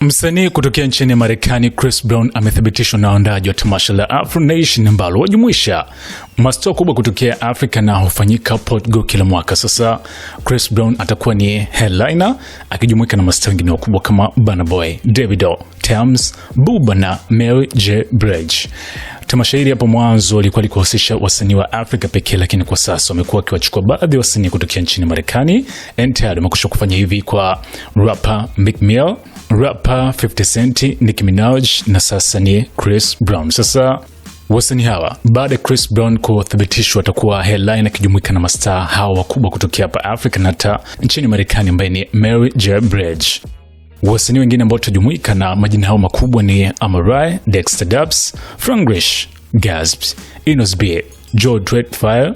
Msanii kutokea nchini Marekani Chris Brown amethibitishwa na waandaji wa tamasha la Afro Nation ambalo wajumuisha mastaa kubwa kutokea Afrika na hufanyika Portugal kila mwaka. Sasa Chris Brown atakuwa ni headliner akijumuika na mastaa wengine wakubwa kama Burna Boy, Davido, Tems, Buba na Mary J Blige. Tamashairi hapo mwanzo ilikuwa likiwahusisha wasanii wa Afrika pekee, lakini kwa sasa wamekuwa wakiwachukua baadhi ya wasanii kutokea nchini Marekani. Tayari wamekusha kufanya hivi kwa rapper Meek Mill, rapper 50 Cent, Nicki Minaj na sasa ni Chris Brown. Sasa wasanii hawa baada ya Chris Brown kuthibitishwa atakuwa headline akijumuika na mastaa hawa wakubwa kutokea hapa Afrika na hata nchini Marekani ambaye ni Mary J Blige. Wasanii wengine ambao tutajumuika na majina hayo makubwa ni Amarai, Dexter dubs Franglish, Gasps, Inosb, Joe Dreadfire,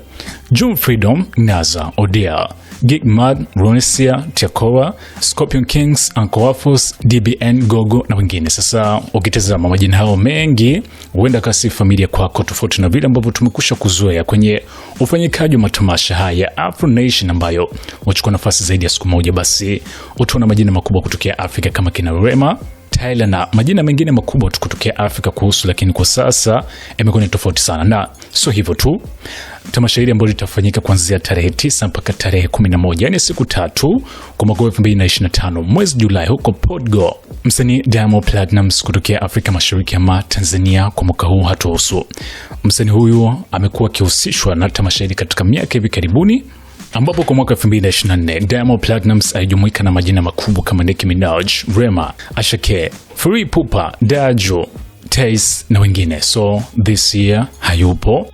June Freedom, Naza, odia Gig Mad, Ronesia, Tiakoa, Scorpion Kings, Uncle Waffles, DBN Gogo na wengine. Sasa ukitazama majina hao mengi huenda kasi familia kwako, tofauti na vile ambavyo tumekusha kuzoea kwenye ufanyikaji wa matamasha haya ya Afro Nation ambayo wachukua nafasi zaidi ya siku moja, basi utaona majina makubwa kutokea Afrika kama kina Rema Thailand na majina mengine makubwa tu kutokea Afrika kuhusu, lakini kwa sasa imekuwa ni tofauti sana. Na sio hivyo tu, tamasha hili ambalo litafanyika kuanzia tarehe tisa mpaka tarehe 11, yani siku tatu, kwa mwaka 2025 mwezi Julai huko Podgo. Msanii Diamond Platnumz kutokea Afrika Mashariki ama Tanzania kwa mwaka huu hatuhusu. Msanii huyu amekuwa akihusishwa na tamasha hili katika miaka hivi karibuni ambapo kwa mwaka 2024 Diamond Platnumz alijumuika na majina makubwa kama Nicki Minaj, Rema, Ashake, Free Pupa, Dajo, Taze na wengine. So this year hayupo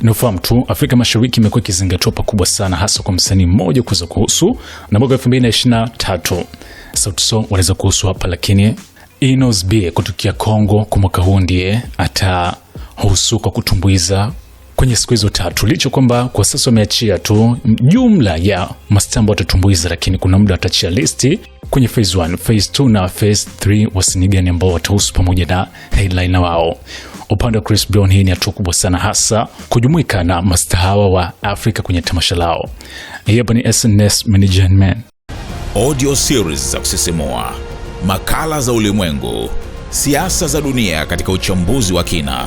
Nafahamu tu Afrika Mashariki imekuwa ikizingatiwa pakubwa sana hasa kwa msanii mmoja kuweza kuhusu na mwaka 2023 Sauti Sol waliweza kuhusu hapa, lakini Inos B kutokia Kongo kwa mwaka huu ndiye atahusu kwa kutumbuiza kwenye siku hizo tatu, licho kwamba kwa sasa wameachia tu jumla ya mastaa ambao watatumbuiza, lakini kuna muda watachia listi kwenye phase 1, phase 2 na phase 3 wasanii gani ambao watahusu pamoja na headliner wao. Upande wa Chris Brown, hii ni hatua kubwa sana, hasa kujumuika na mastahawa hawa wa Afrika kwenye tamasha lao. Hapa ni SNS Management, audio series za kusisimua, makala za ulimwengu, siasa za dunia katika uchambuzi wa kina